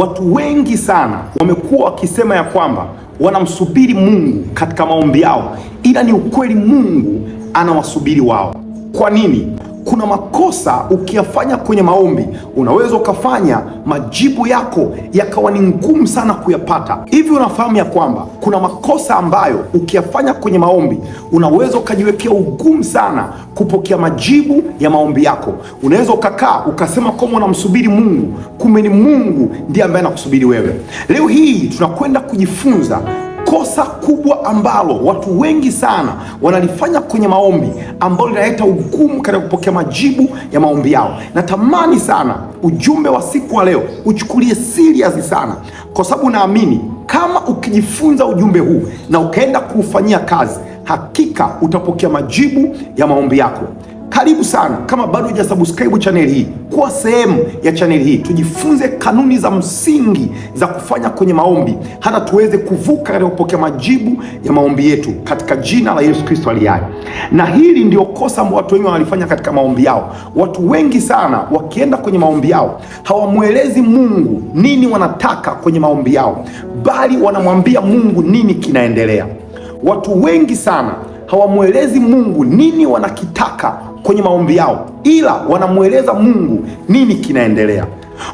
Watu wengi sana wamekuwa wakisema ya kwamba wanamsubiri Mungu katika maombi yao, ila ni ukweli Mungu anawasubiri wao. Kwa nini? kuna makosa ukiyafanya kwenye maombi, unaweza ukafanya majibu yako yakawa ni ngumu sana kuyapata. Hivi unafahamu ya kwamba kuna makosa ambayo ukiyafanya kwenye maombi, unaweza ukajiwekea ugumu sana kupokea majibu ya maombi yako. Unaweza ukakaa ukasema kwamba unamsubiri Mungu, kumbe ni Mungu ndiye ambaye anakusubiri wewe. Leo hii tunakwenda kujifunza kosa kubwa ambalo watu wengi sana wanalifanya kwenye maombi ambalo linaleta ugumu katika kupokea majibu ya maombi yao. Natamani sana ujumbe wa siku wa leo uchukulie siriasi sana, kwa sababu naamini kama ukijifunza ujumbe huu na ukaenda kuufanyia kazi, hakika utapokea majibu ya maombi yako. Karibu sana kama bado huja subscribe chaneli hii, kuwa sehemu ya chaneli hii, tujifunze kanuni za msingi za kufanya kwenye maombi, hata tuweze kuvuka katika kupokea majibu ya maombi yetu katika jina la Yesu Kristo aliye hai. Na hili ndio kosa ambao watu wengi wanalifanya katika maombi yao. Watu wengi sana wakienda kwenye maombi yao hawamwelezi Mungu nini wanataka kwenye maombi yao, bali wanamwambia Mungu nini kinaendelea. Watu wengi sana hawamwelezi Mungu nini wanakitaka kwenye maombi yao, ila wanamweleza Mungu nini kinaendelea.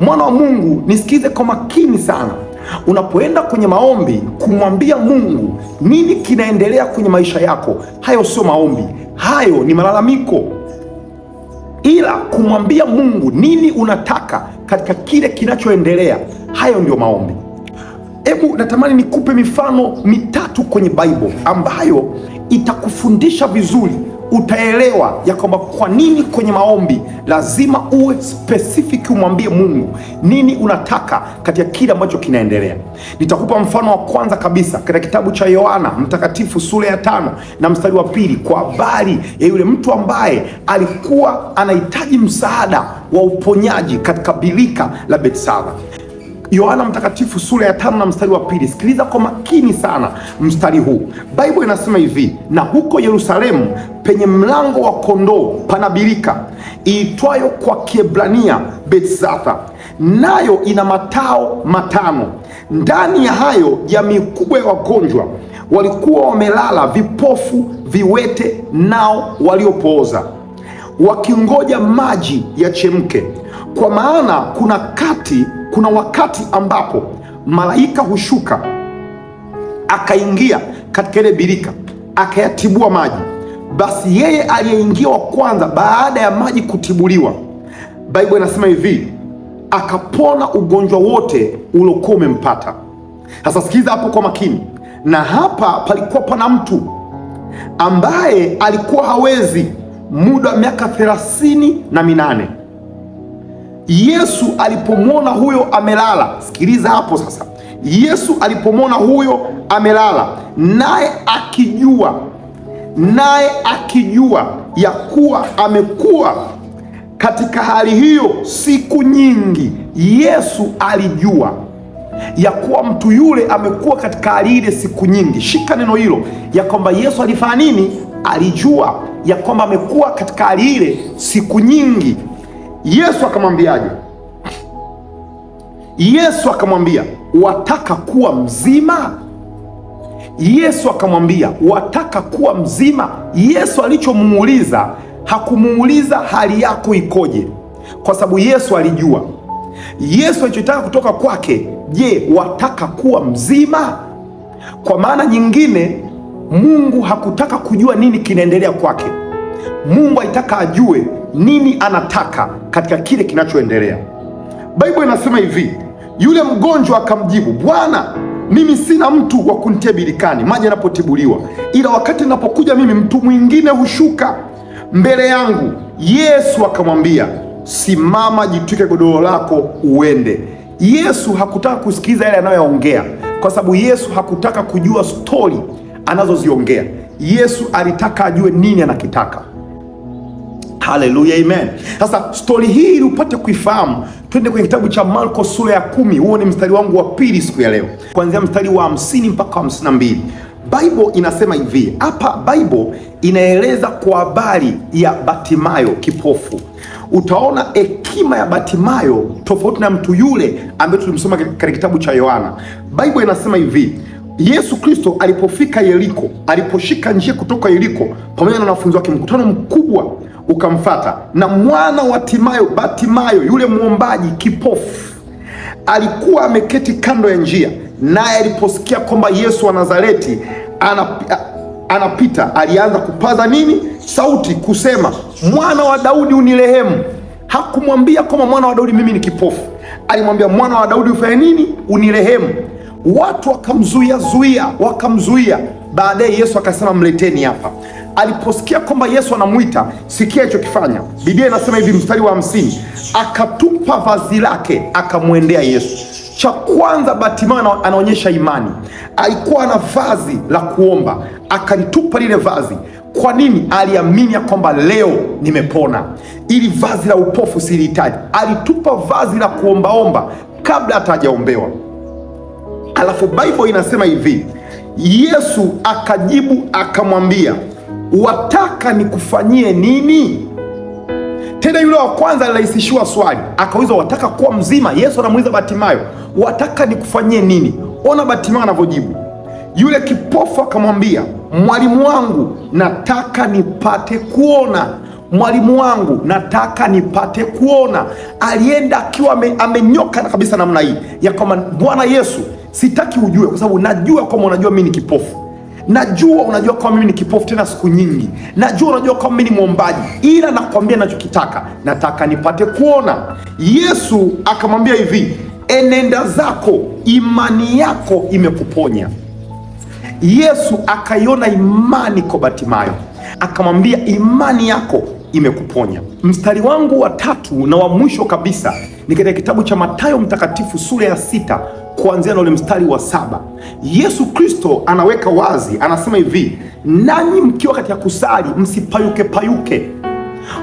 Mwana wa Mungu, nisikize kwa makini sana. Unapoenda kwenye maombi kumwambia Mungu nini kinaendelea kwenye maisha yako, hayo sio maombi, hayo ni malalamiko. Ila kumwambia Mungu nini unataka katika kile kinachoendelea, hayo ndio maombi. Hebu natamani nikupe mifano mitatu kwenye Bible ambayo itakufundisha vizuri, utaelewa ya kwamba kwa nini kwenye maombi lazima uwe specific, umwambie Mungu nini unataka katika kile ambacho kinaendelea. Nitakupa mfano wa kwanza kabisa katika kitabu cha Yohana Mtakatifu sura ya tano na mstari wa pili kwa habari ya yule mtu ambaye alikuwa anahitaji msaada wa uponyaji katika birika la Betsaida. Yohana Mtakatifu sura ya tano na mstari wa pili. Sikiliza kwa makini sana mstari huu. Biblia inasema hivi, na huko Yerusalemu penye mlango wa kondoo pana birika iitwayo kwa Kiebrania Bethzatha, nayo ina matao matano. Ndani ya hayo jamii kubwa ya wagonjwa walikuwa wamelala, vipofu, viwete, nao waliopooza, wakingoja maji yachemke. Kwa maana kuna kati, kuna wakati ambapo malaika hushuka akaingia katika ile birika akayatibua maji. Basi yeye aliyeingia wa kwanza baada ya maji kutibuliwa, Biblia inasema hivi, akapona ugonjwa wote uliokuwa umempata. Sasa sikiza hapo kwa makini. Na hapa palikuwa pana mtu ambaye alikuwa hawezi muda wa miaka thelathini na minane. Yesu alipomwona huyo amelala, sikiliza hapo sasa. Yesu alipomwona huyo amelala, naye akijua, naye akijua ya kuwa amekuwa katika hali hiyo siku nyingi. Yesu alijua ya kuwa mtu yule amekuwa katika hali ile siku nyingi. Shika neno hilo, ya kwamba Yesu alifanya nini? Alijua ya kwamba amekuwa katika hali ile siku nyingi. Yesu akamwambiaje? Yesu akamwambia wataka kuwa mzima? Yesu akamwambia wataka kuwa mzima? Yesu alichomuuliza hakumuuliza hali yako ikoje, kwa sababu Yesu alijua. Yesu alichotaka kutoka kwake, je, wataka kuwa mzima? Kwa maana nyingine, Mungu hakutaka kujua nini kinaendelea kwake. Mungu alitaka ajue nini anataka katika kile kinachoendelea. Biblia inasema hivi, yule mgonjwa akamjibu, Bwana, mimi sina mtu wa kunitia birikani maji yanapotibuliwa, ila wakati ninapokuja mimi mtu mwingine hushuka mbele yangu. Yesu akamwambia, simama, jitwike godoro lako uende. Yesu hakutaka kusikiliza yale anayoyaongea, kwa sababu Yesu hakutaka kujua stori anazoziongea. Yesu alitaka ajue nini anakitaka. Haleluya, amen. Sasa stori hii ili upate kuifahamu, twende kwenye kitabu cha Marko sura ya kumi. Huo ni mstari wangu wa pili siku ya leo, kuanzia mstari wa hamsini mpaka hamsini na mbili. Bible inasema hivi hapa. Bible inaeleza kwa habari ya batimayo kipofu. Utaona hekima ya batimayo tofauti na mtu yule ambaye tulimsoma katika kitabu cha Yohana. Bible inasema hivi Yesu Kristo alipofika Yeriko, aliposhika njia kutoka Yeriko pamoja na wanafunzi wake, mkutano mkubwa ukamfata. Na mwana wa Timayo, Batimayo yule mwombaji kipofu alikuwa ameketi kando ya njia, naye aliposikia kwamba Yesu wa Nazareti anap, anapita alianza kupaza nini sauti kusema, mwana wa Daudi unirehemu. Hakumwambia kwamba mwana wa Daudi mimi ni kipofu, alimwambia mwana wa Daudi ufanye nini? Unirehemu. Watu wakamzuia zuia, wakamzuia. Baadaye Yesu akasema mleteni hapa aliposikia kwamba Yesu anamuita, sikia alichokifanya. Biblia inasema hivi, mstari wa hamsini, akatupa vazi lake akamwendea Yesu. Cha kwanza Bartimayo anaonyesha imani. Alikuwa na vazi la kuomba, akalitupa lile vazi. Kwa nini? Aliamini ya kwamba leo nimepona. Ili vazi la upofu silihitaji, alitupa vazi la kuombaomba kabla hata hajaombewa. Alafu Biblia inasema hivi, Yesu akajibu akamwambia wataka nikufanyie nini? Tena yule wa kwanza alirahisishiwa swali, akauliza wataka kuwa mzima? Yesu anamuuliza Batimayo, wataka nikufanyie nini? Ona Batimayo anavyojibu. Yule kipofu akamwambia, mwalimu wangu, nataka nipate kuona. Mwalimu wangu, nataka nipate kuona. Alienda akiwa amenyoka kabisa namna hii ya kwamba Bwana Yesu, sitaki ujue, kwa sababu najua kwamba unajua mimi ni kipofu najua unajua kwa mimi ni kipofu tena siku nyingi, najua unajua kwa mimi ni mwombaji, ila nakwambia nachokitaka, nataka nipate kuona. Yesu akamwambia hivi, enenda zako, imani yako imekuponya. Yesu akaiona imani kwa Batimayo, akamwambia imani yako imekuponya. Mstari wangu wa tatu na wa mwisho kabisa ni katika kitabu cha Mathayo Mtakatifu sura ya sita kuanzia na ule mstari wa saba Yesu Kristo anaweka wazi, anasema hivi, nanyi mkiwa katika kusali msipayuke payuke.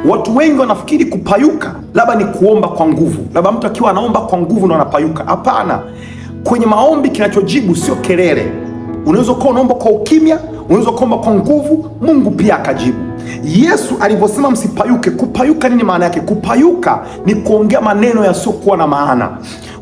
Watu wengi wanafikiri kupayuka labda ni kuomba kwa nguvu, labda mtu akiwa anaomba kwa nguvu ndo anapayuka. Hapana, kwenye maombi kinachojibu sio kelele Unaweza ukawa unaomba kwa ukimya, unaweza ukaomba kwa nguvu, Mungu pia akajibu. Yesu alivyosema msipayuke, kupayuka nini maana yake? Kupayuka ni kuongea maneno yasiyokuwa na maana.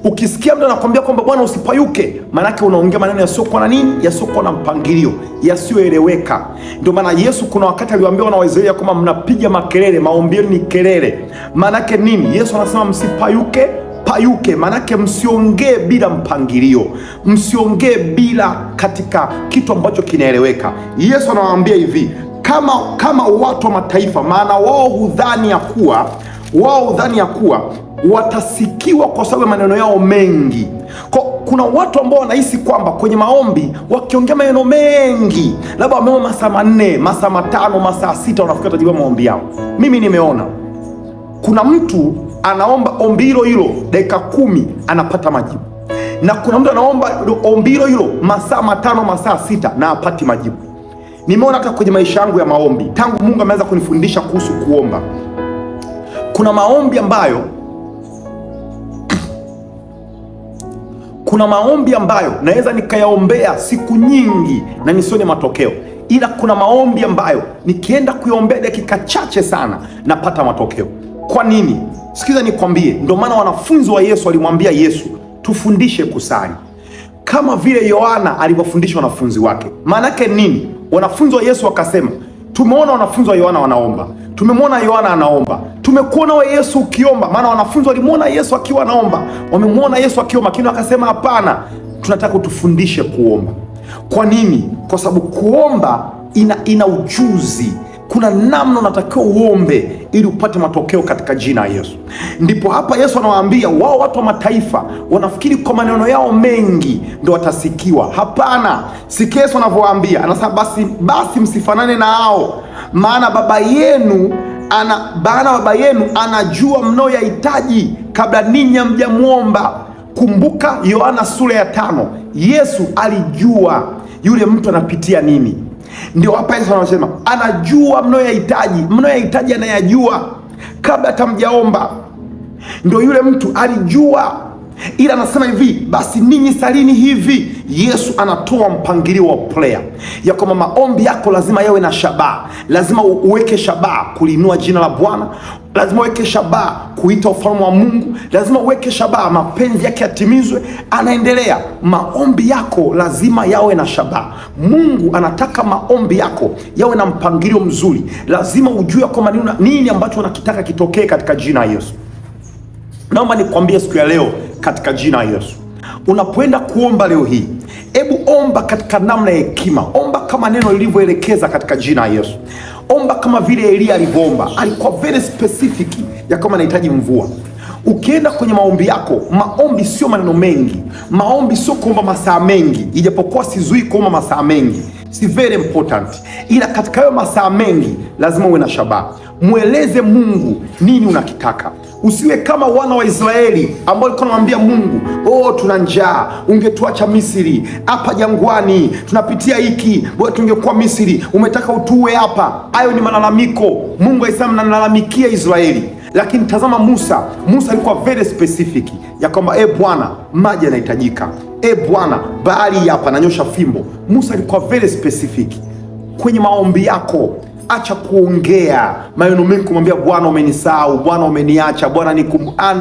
Ukisikia mtu anakwambia kwamba bwana usipayuke, maanake unaongea maneno yasiyokuwa na nini, yasiyokuwa na mpangilio, yasiyoeleweka. Ndio maana Yesu kuna wakati aliwaambia wana wa Israeli kwamba mnapiga makelele, maombi ni kelele. Maanake nini? Yesu anasema msipayuke payuke, maanake msiongee bila mpangilio, msiongee bila katika kitu ambacho kinaeleweka. Yesu anawaambia hivi kama, kama watu wa mataifa, maana wao hudhani ya kuwa wao hudhani ya kuwa watasikiwa kwa sababu ya maneno yao mengi. Kwa kuna watu ambao wanahisi kwamba kwenye maombi wakiongea maneno mengi, labda wameomba masaa manne, masaa matano, masaa sita, wanafikiri watajibiwa maombi yao. Mimi nimeona kuna mtu anaomba ombi hilo hilo dakika kumi anapata majibu, na kuna mtu anaomba ombi hilo hilo masaa matano masaa sita na apati majibu. Nimeona hata kwenye maisha yangu ya maombi tangu Mungu ameanza kunifundisha kuhusu kuomba, kuna maombi ambayo kuna maombi ambayo naweza nikayaombea siku nyingi na nisione matokeo, ila kuna maombi ambayo nikienda kuyaombea dakika chache sana napata matokeo. Kwa nini? Sikiza nikwambie, ndio maana wanafunzi wa Yesu walimwambia Yesu, tufundishe kusali kama vile Yohana alivyofundisha wanafunzi wake. yake nini? Wanafunzi wa Yesu wakasema, tumeona wanafunzi wa Yohana wanaomba, tumemwona Yohana anaomba, tumekuona we Yesu ukiomba. Maana wanafunzi walimwona Yesu akiwa anaomba, wamemwona Yesu akiomba, lakini wakasema, hapana, tunataka utufundishe kuomba. Kwa nini? Kwa sababu kuomba ina, ina ujuzi kuna namna unatakiwa uombe ili upate matokeo katika jina ya Yesu. Ndipo hapa Yesu anawaambia wao, watu wa mataifa wanafikiri kwa maneno yao mengi ndo watasikiwa. Hapana, sikia Yesu anavyowaambia, anasema basi, basi msifanane na hao, maana baba yenu ana baba yenu anajua mnayoyahitaji kabla ninyi hamjamwomba. Kumbuka Yohana sura ya tano, Yesu alijua yule mtu anapitia nini. Ndio hapa Yesu anasema anajua mnayohitaji, mnayohitaji anayajua kabla hata mjaomba. Ndio yule mtu alijua ila anasema hivi, basi ninyi salini hivi. Yesu anatoa mpangilio wa prayer ya kwamba maombi yako lazima yawe na shabaha, lazima uweke shabaha kuliinua jina la Bwana, lazima uweke shabaha kuita ufalme wa Mungu, lazima uweke shabaha mapenzi yake yatimizwe. Anaendelea, maombi yako lazima yawe na shabaha. Mungu anataka maombi yako yawe na mpangilio mzuri, lazima ujue kwamba nini ambacho unakitaka kitokee katika jina la Yesu. Naomba nikwambie siku ya leo katika jina la Yesu, unapoenda kuomba leo hii, hebu omba katika namna ya hekima, omba kama neno lilivyoelekeza katika jina la Yesu. Omba kama vile Elia alivyoomba, alikuwa very specific ya kama anahitaji mvua. Ukienda kwenye maombi yako, maombi sio maneno mengi, maombi sio kuomba masaa mengi, ijapokuwa sizui kuomba masaa mengi si very important, ila katika hayo masaa mengi lazima uwe na shabaha. Mweleze Mungu nini unakitaka. Usiwe kama wana wa Israeli ambao walikuwa wanamwambia Mungu, oh, tuna njaa, ungetuacha Misri hapa jangwani, tunapitia hiki, bora tungekuwa Misri, umetaka utuue hapa. Hayo ni malalamiko. Mungu aisema nalalamikia Israeli, lakini tazama Musa. Musa alikuwa very specific ya kwamba e Bwana, maji yanahitajika, e Bwana, bahari hapa, nanyosha fimbo. Musa alikuwa very specific kwenye maombi yako acha kuongea maneno mengi kumwambia Bwana umenisahau, Bwana umeniacha, Bwana ni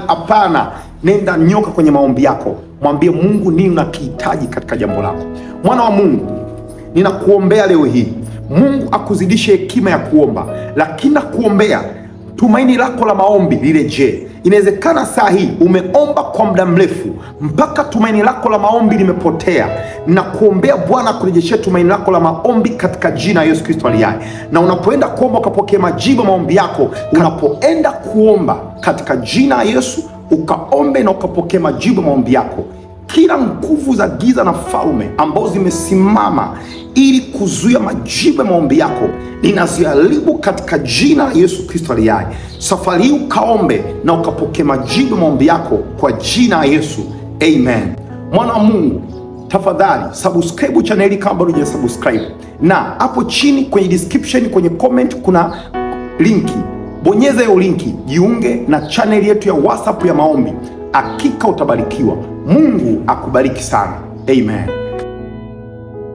Hapana, nenda nyoka kwenye maombi yako, mwambie Mungu nini unakihitaji katika jambo lako. Mwana wa Mungu, ninakuombea leo hii, Mungu akuzidishe hekima ya kuomba, lakini nakuombea tumaini lako la maombi lirejee Inawezekana saa hii umeomba kwa muda mrefu mpaka tumaini lako la maombi limepotea, na kuombea Bwana kurejeshia tumaini lako la maombi katika jina la Yesu Kristo aliye Na unapoenda kuomba ukapokea majibu maombi yako, unapoenda kuomba katika jina la Yesu ukaombe na ukapokea majibu maombi yako kila nguvu za giza na falme ambazo zimesimama ili kuzuia majibu ya maombi yako ninaziharibu katika jina la Yesu Kristo aliye Safari hii ukaombe na ukapokea majibu ya maombi yako kwa jina la Yesu, amen. Mwana wa Mungu, tafadhali subscribe chaneli kama bado hujasubscribe, na hapo chini kwenye description, kwenye comment kuna linki, bonyeza hiyo linki, jiunge na chaneli yetu ya WhatsApp ya maombi. Hakika utabarikiwa. Mungu akubariki sana. Amen.